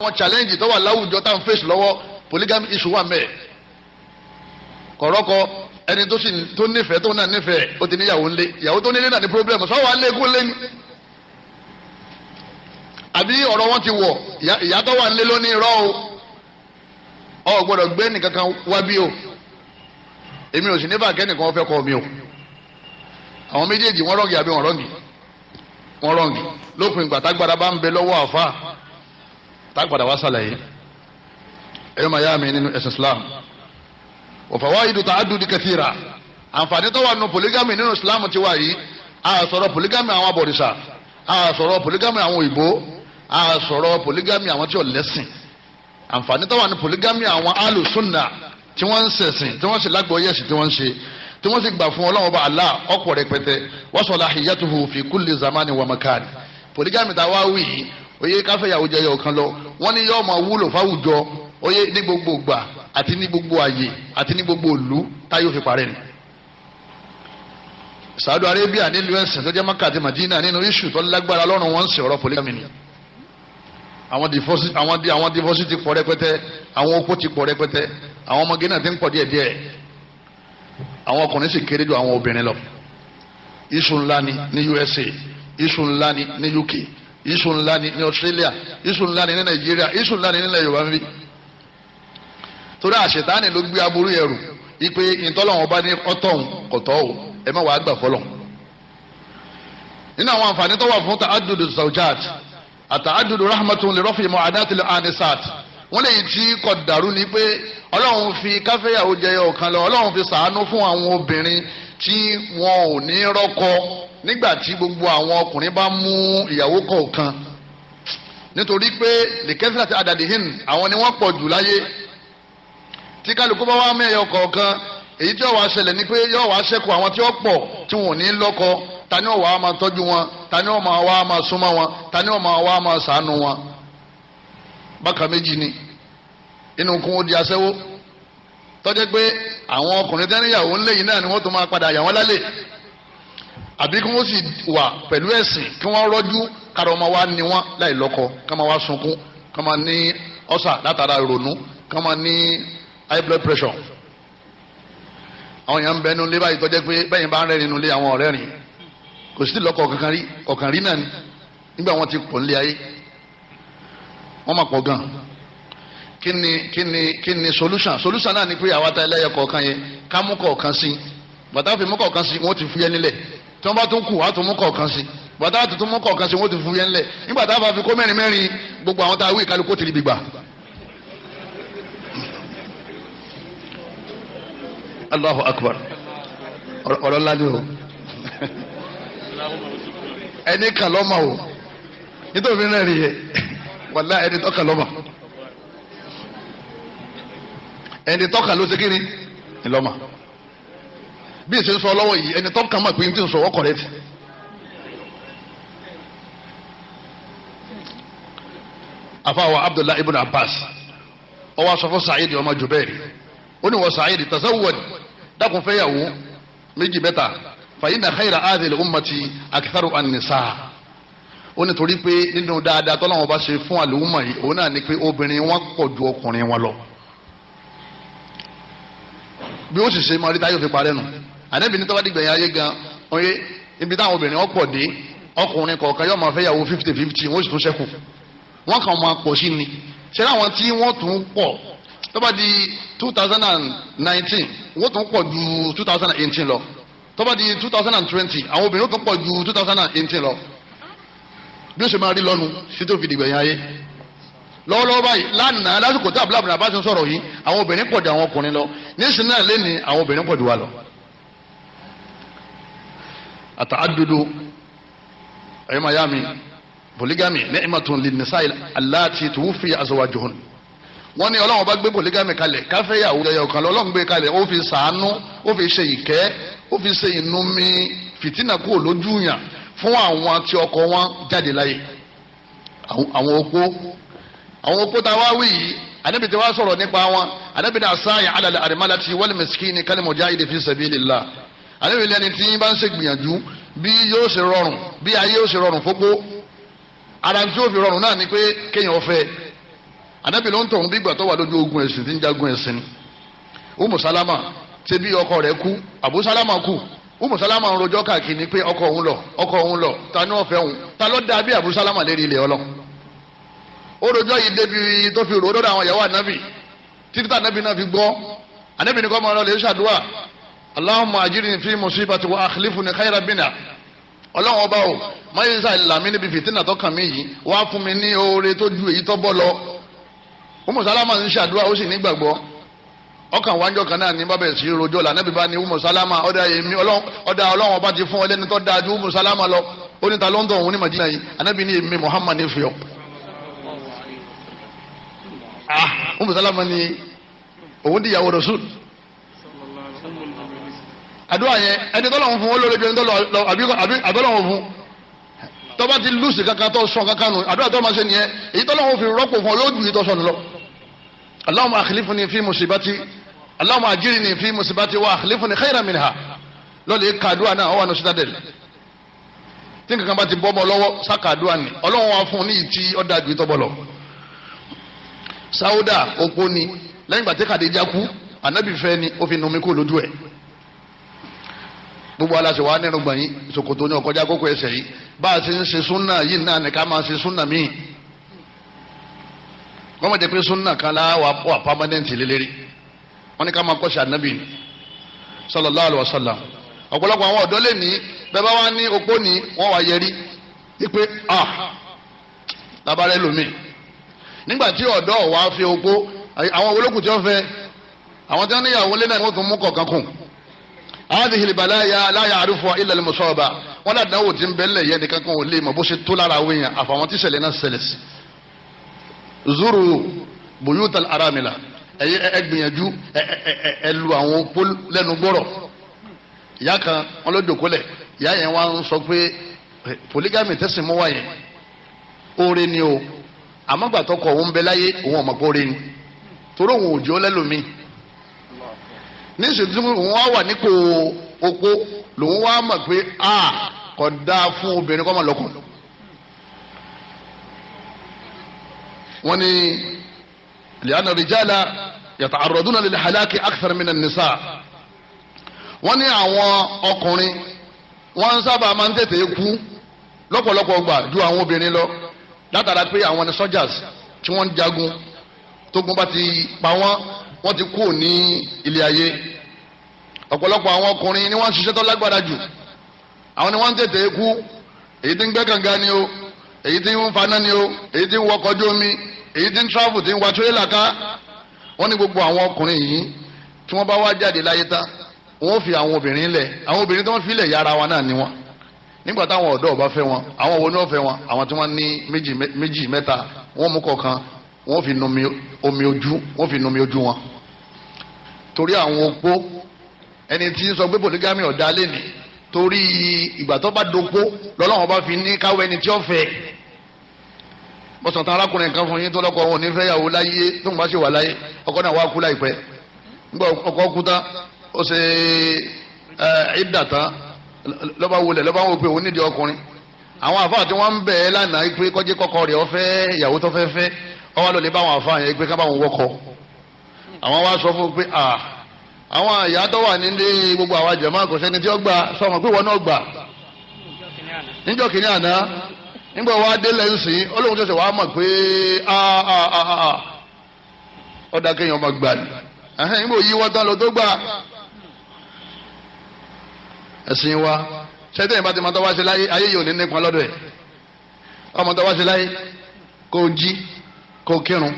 àwọn challenge tó wà láwùjọ tá à ń face lọ́wọ́ polygamy issue wà mẹ́ẹ̀ kọ̀rọ́kọ ẹni tó sì tó nífẹ̀ẹ́ tó náà nífẹ̀ẹ́ ó ti níyàwó ńlé ìyàwó tó nílé náà ní problem sọ wà lé kúnlé ni àbí ọ̀rọ̀ wọn ti wọ̀ ìyá tó wà ńlé lónìí irọ́ o ọ gbọ́dọ̀ gbé nìkankan wá bí o èmi ò sì níbà kẹ́nìkan fẹ́ kọ́ mi o àwọn méjèèjì wọ́n rọ́ǹgì àbí wọ́n rọ́ǹgì wọ́n rọ́ǹgì lópin ìgbà tágbára bá ń bẹ lọ́wọ́ àfáà tágbàdà wá sàlàyé ẹ̀yọ́ màá yá mi nínú ẹ̀sìn Islam wafawaidu ta'addudi kathira àǹfààní tó wà nínú polygamy nínú Islam ti wà yìí a sọ̀rọ̀ polygamy àwọn abọ̀rìṣà a sọ̀rọ̀ polygamy àwọn òyìnbó a sọ̀rọ̀ polygamy àwọn tí ò lẹ́sìn àǹfààní tó wà nínú polygamy àwọn alùsùnà tí wọ́n ń ṣẹ̀sìn tí wọ́n sì lágbóyè sí tí wọ́n ń ṣe tí wọ́n sì gbà fún ọlọ́run ọba Allah ọ̀pọ̀ fi kulli zamani wa makani polygamy tá a wá wí yìí oyè káfíyàwó jẹyọ kan lọ wọ́n ní yóò máa wúlò fáwùjọ oyè ní gbogbo ìgbà àti ní gbogbo àyè àti ní gbogbo ìlú táyọ̀ fi parẹ́ ni. Saudi Arabia nílùú ẹ̀sìn tó jẹ́ Maka àti Madina nínú iṣu tó lágbára lọ́rùn wọn ń sọ̀rọ̀ polygamy ni àwọn divorce divorce ti pọ̀ rẹpẹtẹ àwọn opó ti pọ̀ rẹpẹtẹ àwọn ọmọge náà ti ń pọ̀ díẹ̀ díẹ̀ àwọn ọkùnrin sì kéré ju àwọn obìnrin lọ iṣu ńlá ni ní USA iṣu ńlá ni ní UK iṣu ńlá ni ní Australia iṣu ńlá ni ní Nàìjíríà iṣu ńlá ni nílẹ̀ Yorùbá níbí torí àṣetáni ló gbé aburú yẹn rù ipe ìtọ́lọ́wọ́n bá ní ọ̀tọ̀hún kọ̀tọ́ o ẹ má wàá gbà fọlọ́ nínú àwọn àǹfààní tó wà fún ta'adudu zawjat àta'adudu rahmatun lè rọ́fì mọ́ adáàtìlẹ̀ anisat wọ́n lè ti kọ̀ dàrú ni pé Ọlọ́run fi káfẹ́yàwó jẹyọ ọ̀kan lọ Ọlọ́run fi ṣàánú fún àwọn obìnrin tí wọn ò ní rọ́kọ nígbà tí gbogbo àwọn ọkùnrin bá mú ìyàwó kọ̀ọ̀kan nítorí pé lèkẹ́sìlá àti àdàdìhìn àwọn ni wọ́n pọ̀ jù láyé tí kálukú bá wá mẹ́yọ kọ̀ọ̀kan èyí tí ó wá ṣẹlẹ̀ ni pé yóò wá ṣẹ́kù àwọn tí ó pọ̀ tí wọn ò ní lọ́kọ ta ni ó wá máa tọ́jú wọn ta ni ó máa súnmọ́ wọn ta ni ó máa wá wọn bákan méjì ni inú kún ó di aṣẹ́wó tọ́jẹ́ pé àwọn ọkùnrin tẹ́níyàwó ńlẹ́yìn náà ni wọ́n tún máa padà yà wọ́n lálẹ́ àbí kí wọ́n sì wà pẹ̀lú ẹ̀sìn kí wọ́n rọ́jú kára ọmọ wa ni wọ́n láì lọ́kọ ká máa wá sunkún ká máa ní ọ̀sà látara ìrònú ká máa ní high blood pressure. àwọn èèyàn ń bẹ nínú ilé báyìí tọ́jẹ́ pé bẹ́yìn bá ń rẹ́rìn nínú ilé àwọn ọ̀rẹ́ rìn kò sí lọ́kọ kankan rí ọ̀kan rí náà ni nígbà wọn ti pọ̀ nílé ayé wọ́n máa pọ̀ gan-an kí ni kí ni kí ni solution solution náà ni pé àwa ta ẹlẹ́yẹ kọ̀ọ̀kan yẹn ká mú kọ̀ọ̀kan sí bàtà fi mú kọ̀ọ̀kan sí wọ́n ti fúyẹ́ nílẹ̀ tí wọ́n bá tún kù á tún mú kọ̀ọ̀kan sí bàtà àti tún mú kọ̀ọ̀kan sí wọ́n ti fún yẹn lẹ̀ nígbà tá a bá fi kó mẹ́rin mẹ́rin gbogbo àwọn tá a wí kálukó tìrì gbígbà. Allahu akbar ọ̀rọ̀ ńlá ni o ẹni kà lọ́mọ o nítorí náà rí yẹ wàlá ẹni tọ́ka lọ́mọ ẹni tọ́ka ló ṣe kí ni bí èsì ń sọ lọ́wọ́ yìí ẹni tó kàn mọ̀ pé n ti sọ ọkọ̀ rẹ ti. afaawa abdullahi ibn abbas ọwọ́ aṣọ fún sa'id ọmọ jubair ó ní wọ sa'id tasawwad dákun fẹ́yàwó méjì mẹ́ta fàyínà khayra adìl ummati akitharu anisa ó ní torí pé nínú dáadáa tọ́lá wọn bá ṣe fún àlùmọ̀ yìí òun náà ni pé obìnrin wọn pọ̀ ju ọkùnrin wọn lọ bí ó sì ṣe máa rí táyọ̀ fi parẹ́ nù ànábì ní tó bá dìgbẹ̀yìn ayé gan oye ibi táwọn obìnrin ọ̀pọ̀ dé ọkùnrin kọ̀ọ̀kan yóò máa fẹ́ yàwó fifty fifty wọ́n sì tún ṣẹ́kù wọ́n kàn máa pọ̀ sí ni ṣé láwọn tí wọ́n tún pọ̀ tó di two thousand and nineteen wọ́n tún pọ̀ ju two thousand and eighteen lọ tó di two thousand and twenty àwọn obìnrin tún pọ̀ ju two thousand and eighteen lọ bí ó ṣe máa rí lọ́nu sí tó fi dìgbẹ̀yìn ayé lọ́wọ́lọ́wọ́ báyìí lánàá lásìkò tí abúlábùnà bá ti ń sọ̀rọ̀ yìí àwọn obìnrin pọ̀ ju àwọn ọkùnrin lọ nísìnyí náà lé ní àwọn obìnrin pọ̀ ju wa lọ àtàdúdú ẹ̀yọ́ máa yá mi polygamy ni'matun linnisa allati tuwfi azwajuhun wọ́n ní ọlọ́run bá gbé polygamy kalẹ̀ káfẹ́yàwó ẹyọ kan lọ ọlọ́run gbé kalẹ̀ ó fi ṣàánú ó fi ṣe ìkẹ́ ó fi ṣe ìnumi fìtínà kúrò lójú yàn fún àwọn tí ọkọ wọn jáde láyé àwọn opó àwọn opó tá a wá wí yìí anabi tí sọ̀rọ̀ nípa wọn anabi náà sáyà alàlẹ́ àdìmálàtì wal miskini kal mujahidi fi sabilillah àlejò ilé ẹni tí bá ń ṣe gbìyànjú bí yóò ṣe rọrùn bí ayé yóò ṣe rọrùn fógbó ara tí yóò fi rọrùn náà ni pé kéèyàn ọfẹ ànábì ló ń tọ̀hún bí ìgbà wà lójú ogun ẹ̀sìn tí ń jagun ẹ̀sìn umu salama ṣe bí ọkọ rẹ̀ kú abu salama kú umu salama ń rojọ́ káàkiri pé ọkọ òun lọ ọkọ òun lọ ta ní ọ̀fẹ́ òun ta ló dá bí abu salama lérí ilẹ̀ ọlọ́ o rojọ́ yìí débi tó fi ròó lọ́dọ̀ àwọn ìyàwó ànábì títí tá ànábì náà fi gbọ́ ànábì ní kọ́ máa lọ Allahumma ajirni في musibati wa akhlifni khayran minha ọlọ́run ọba o mayesa lami níbi fìtínà tó kàn mí yìí wàá fún mi ní oore tó ju èyí tó bọ́ lọ Umu Salama ń ṣàdúrà ó sì nígbàgbọ́ ọkàn wájọ kan náà ní bábẹ̀ sí rojọ́ là nẹ́bí bá ní Umu Salama ọ̀dà èmi ọ̀dà ọlọ́run ọba ti fún ọ tó dáa ju lọ ó ní ta ní Madina yìí anábì ní èmi Muhammad fi ọ. Ah, Umu Salama ni òun dìyàwó Rasul àdúrà yẹn ẹni tọ́lọ̀ ń fún ó lórí ibi ẹni tọ́lọ̀ àbẹ́lọ̀ ń fún tọ́ba ti lùsì kankan tó sọ kankan nù àdúrà tó máa ṣe nìyẹn èyí tọ́lọ̀ ń fi rọ́pò fún ọ yóò ju ìtọ́sọ nù lọ. Allahumma akhlifni fi musibati Allahumma ajirni fi musibati wa akhlifni khayran minha lọ́ọ̀lì kàdúrà náà ọ̀wà ní citadel tí nǹkan bá ti bọ́ bọ́ lọ́wọ́ sákàdúrà ni ọlọ́run wa fún ní ìtì Sauda opó ni lẹ́yìn gbàtí Khadija kú ànábìfẹ́ ni gbogbo aláṣẹ wa nínú gbọ̀n yín ṣòkòtò ní ọkọjá kókó ẹsẹ̀ yìí bá a ṣe ń ṣe súnà yìí náà ní ká máa ṣe súnà míì wọ́n mọ̀ jẹ́ pé súnà kan la wà wà pámánẹ́ǹtì lélẹ́rí wọ́n ní ká máa kọ́ṣe ànábì sallallahu alaihi wasallam ọ̀pọ̀lọpọ̀ àwọn ọ̀dọ́ lè ní bẹ́ẹ̀ bá wá ní opó ní wọ́n wá yẹrí wípé ah labarẹ́ lomi nígbà tí ọ̀dọ́ wa fi opó àwọn olókùn tí wọ́n fẹ́ àwọn tí wọ́n níyàwó lé náà wọ́n tún mú kọ̀ọ̀kan kùn hadhihi albalaya la ya'rifuha illa almusaba wọn náà dánwò tí ń bẹ lẹ̀ yẹn nìkan kan ò lè mọ̀ bó ṣe tó lára àwọn èèyàn àfàwọn tí ṣẹlẹ̀ náà ṣẹlẹ̀ sí. zuru buyutal aramila ẹ gbìyànjú ẹ lu àwọn pol lẹ́nu gbọ́rọ̀ ìyá kan wọn ló dòkólẹ̀ ìyá yẹn wá ń sọ pé polygamy tẹ̀sìn mọ́ wá yẹn oore ni o àmọ́gbàtọ́kọ̀ òun bẹ láyé òun ọ̀mọ̀pọ̀ oore ni torí òun ò jẹ́ ó lẹ́lòmíì níṣẹ́jú lòun wá wà nípò opó lòun wá mọ̀ pé a kò dáa fún obìnrin kọ́ mọ̀ lọ́kọ̀. wọ́n ní li'anna rijala yata'arraduna lil halaki akthar min an-nisa wọ́n ní àwọn ọkùnrin wọ́n sábà máa ń tètè kú lọ́pọ̀lọpọ̀ gbà ju àwọn obìnrin lọ látara pé àwọn ni soldiers tí wọ́n ń jagun tógun bá ti pa wọ́n wọ́n ti kú ní ilé ayé ọ̀pọ̀lọpọ̀ àwọn ọkùnrin ni wọ́n ń ṣiṣẹ́ tó lágbára jù àwọn ni wọ́n ń tètè kú èyí tí ń gbẹ́ kànga ni o èyí tí ń faná ni o èyí tí ń wọkọ̀ ojú omi èyí tí ń travel tí ń wa tírélà ká wọ́n ní gbogbo àwọn ọkùnrin yìí tí wọ́n bá wá jáde láyé tán wọ́n fi àwọn obìnrin lẹ̀ àwọn obìnrin tí wọ́n fi yára wọn náà ni wọ́n nígbà táwọn ọ̀dọ́ ọba fẹ́ wọn àwọn wo ni wọ́n fẹ́ wọn àwọn tí wọ́n ní méjì mẹ́ta wọ́n mú kọ̀ọ̀kan wọ́n fi numi omi ojú wọ́n fi numi ojú wọn torí àwọn opó ẹni tí ń sọ pé polygamy ọ̀dà ni torí ìgbà tó bá dopó lọ́lọ́wọ́n bá fi ní káwé ẹni tí ó fẹ́ mọ̀sán-tán arákùnrin kan fún yín tó lọ́kọ̀ òun nífẹ̀ẹ́ yàwó láyé tó ń bá ṣe wà láyé ọkọ náà wá kú láìpẹ́ nígbà ọkọ kú tán ó ṣe ìdà tán lọ́ba wọlé lọ́ba wọ pé òun nídìí ọkùnrin àwọn àfáà tí wọ́n ń bẹ̀ ẹ́ lánàá pé kọ́jí kọ́kọ́ rẹ̀ ọ̀fẹ́ ìyàwó tó fẹ́ fẹ́ ọwọ́ lọ́lẹ́ bá àwọn àfáà yẹn pé ká bá wọn wọ́kọ̀ àwọn wá sọ fún pé ah àwọn àyà tó wà nílé gbogbo àwọn jẹ̀mọ́ kò sẹ́ni tí ó gbà sọmọ pé wọn náà gbà níjọ́ kìíní àná nígbà wa dé lẹ́nsìn olóhùn tó ṣe wàá mọ̀ pé ọ̀dà kéèyàn ọmọ gbà ní nígbà òyì wọn tán lọ tó gbà ẹ̀sìn wa sẹ́tẹ̀yìn bá ti mọ tọ́wá sí láyé ayé yìí ò ní nípa lọ́dọ̀ ẹ̀ ọmọ tọ́wá sí láyé kó jí kó kírun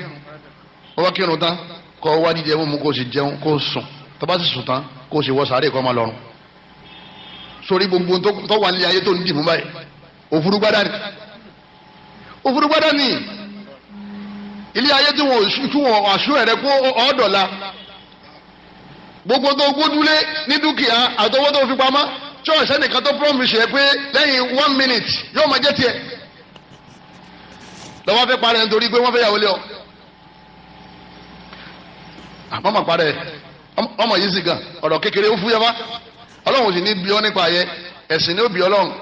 ọwọ́ kírun tán kó wá jíjẹ mú kó sì jẹun kó sùn tọ́ba sì sùn tán kó o sì wọ sàárè kọ́ ọmọ lọ́rùn sórí gbogbo tó wà nílé ayé tó ń dìbò báyìí òfurufú gbádà ni òfurufú gbádà ni ilé ayé tí wọn àṣù ẹ̀rẹ́ kó ọ̀ọ́dọ̀la gbogbo tó gbódúlé ní dúkìá àtọwọ́ tó fi pamọ́ church ẹnìkan tó promise ẹ pé lẹ́yìn one minute yóò máa jẹ́ tiẹ̀ lọ́wọ́ fẹ́ parẹ́ nítorí pé wọ́n fẹ́ yàwó lé ọ àmọ́ màá parẹ́ ẹ̀ ọmọ yìí sì gan ọ̀rọ̀ kékeré ó fúyẹ́ wá ọlọ́run sì ní bí ọ nípa ayẹ ẹ̀sìn ni ó bí ọlọ́run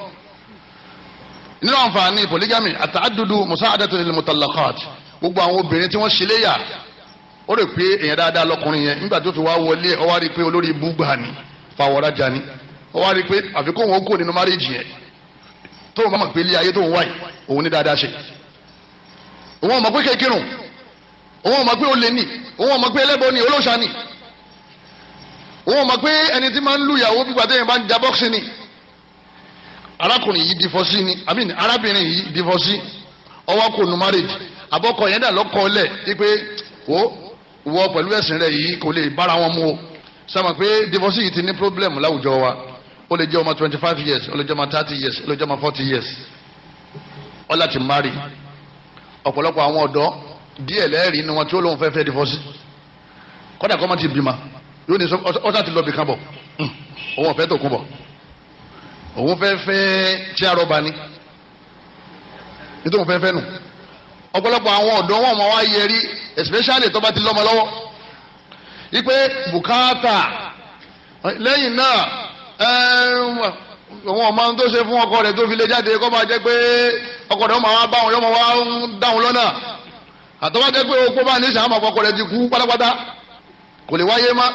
nínú àǹfààní polygamy àtàdúdú musaadatu lil mutallaqat gbogbo àwọn obìnrin tí wọ́n ṣe léyà ó rè pé èèyàn dáadáa lọkùnrin yẹn nígbà tó ti wá wọlé ó wá rí i pé olórí ibú gbà ní fàwọ̀rajà ni ó wá rí i pé àfikún òun kò nínú márèèjì yẹn tó o máa mọ̀ pé ilé ayé tó ń wáyé òun ní dáadáa ṣe òun ò mọ̀ pé kékerùn òun ò mọ̀ pé olè ní òun ò mọ̀ pé ẹlẹ́bọ ní olóṣà ní wọn mọ̀ pé ẹni tí máa ń lu ìyàwó bí gbàtẹ́yìn bá ń ja bọ́ọ̀sì ni arákùnrin yìí dìfọ́sí ni i mean arábìnrin yìí dìfọ́sí ọwọ́ kò nu marriage àbọ̀kọ yẹn dà lọ́kọ lẹ̀ wípé wo wọ pẹ̀lú ẹ̀sìn rẹ̀ yìí kò lè bára wọn mu o sábà pé dìfọ́sí yìí ti ní problem láwùjọ wa ó lè jẹ́ ọmọ twenty five years ó lè jẹ́ ọmọ thirty years ó lè jẹ́ ọmọ forty years ó láti marry ọ̀pọ̀lọpọ̀ àwọn ọ̀dọ́ díẹ̀ lẹ́ẹ̀rí ni wọn tí ó lóun fẹ́ fẹ́ dìfọ́sí kọ́dà kọ́ mọ́ ti bímọ yóò ní sọ ọtá ti lọ bìkan bọ̀ hmm. òun ọ̀fẹ́ tó kún bọ̀ òun fẹ́ fẹ́ tí a rọba ni nítorí òun fẹ́ fẹ́ nù ọ̀pọ̀lọpọ̀ àwọn ọ̀dọ́ wọn máa wá yẹrí especially tó bá ti lọ́mọ lọ́wọ́ ipe bukata. lẹ́yìn náà àwọn ọmọ tó ṣe fún ọkọ rẹ̀ tó fi lé jáde kó máa jẹ́ pé ọkọ rẹ̀ máa wá bá wọn yọ máa wá dáhùn lọ́nà àtọ́wájẹ́ pé okó bá ní sàmà ọkọ rẹ̀ ti kú pátápátá kò lè wáyé má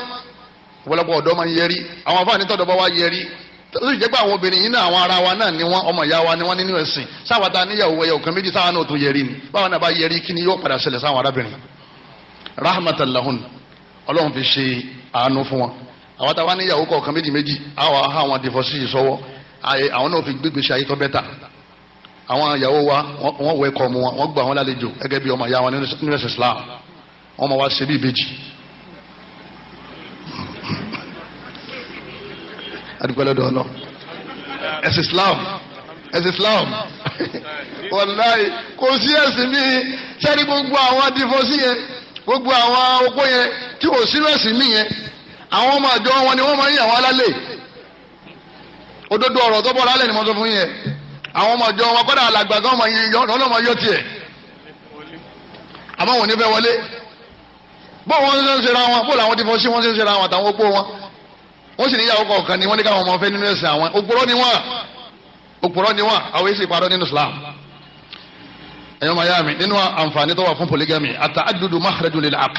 ọ̀pọ̀lọpọ̀ ọ̀dọ́ máa ń yẹrí àwọn afáàní tọ́dọ̀ bá wá yẹrí tó sì jẹ́ pé àwọn obìnrin yìí náà àwọn ara wa náà ni wọ́n ọmọ ìyá wa ni wọ́n nínú ẹ̀sìn sáwọn ta níyàwó ẹ̀yà òkan méjì sáwọn náà tó yẹrí ni báwọn náà bá yẹrí kí ni yóò padà ṣẹlẹ̀ sáwọn arábìnrin rahmatalahun ọlọ́run fi ṣe àánú fún wọn àwọn táwa níyàwó kọ̀ọ̀kan méjì méjì àwọn aha wọn dìfọ́ sí ìsọwọ́ àwọn náà fi gbégbé ṣe ayé tó bẹ́tà àwọn ìyàwó wa wọ́n wẹ̀ kọ́ mu wọn wọ́n adúpẹ́ lọ́dọ̀ ọlọ́ ẹ̀sìn Islam ẹ̀sìn Islam wàláyé kò sí ẹ̀sìn mi sẹ́ni gbogbo àwọn adìfọ́sí yẹn gbogbo àwọn opó yẹn tí kò sínú ẹ̀sìn mi yẹn àwọn ọmọ àjọ wọn ni wọ́n máa ń yà wọ́n òdodo ọ̀rọ̀ tó bọ̀ ni mo sọ fún yẹn àwọn ọmọ àjọ wọn kọ́dà àlàgbà kan ọmọ yẹn ọlọ́mọ yọ tiẹ̀ àmọ́ wọn ò ní fẹ́ wọlé bó wọn ṣe ń ṣe ra wọn bó làwọn ti wọn ń ṣe wọn àtàwọn opó wọn wọ́n sì níyàwó kọ̀ọ̀kan ni wọ́n ní káwọn ọmọ fẹ́ nínú ẹ̀sìn àwọn òpùrọ́ ni wọ́n òpùrọ́ ni wọ́n àwọn èsì ìparọ́ nínú Islam ẹ̀yọ́ mayami nínú àǹfààní tó wà fún polygamy àtàdúdú mahrajul lil aql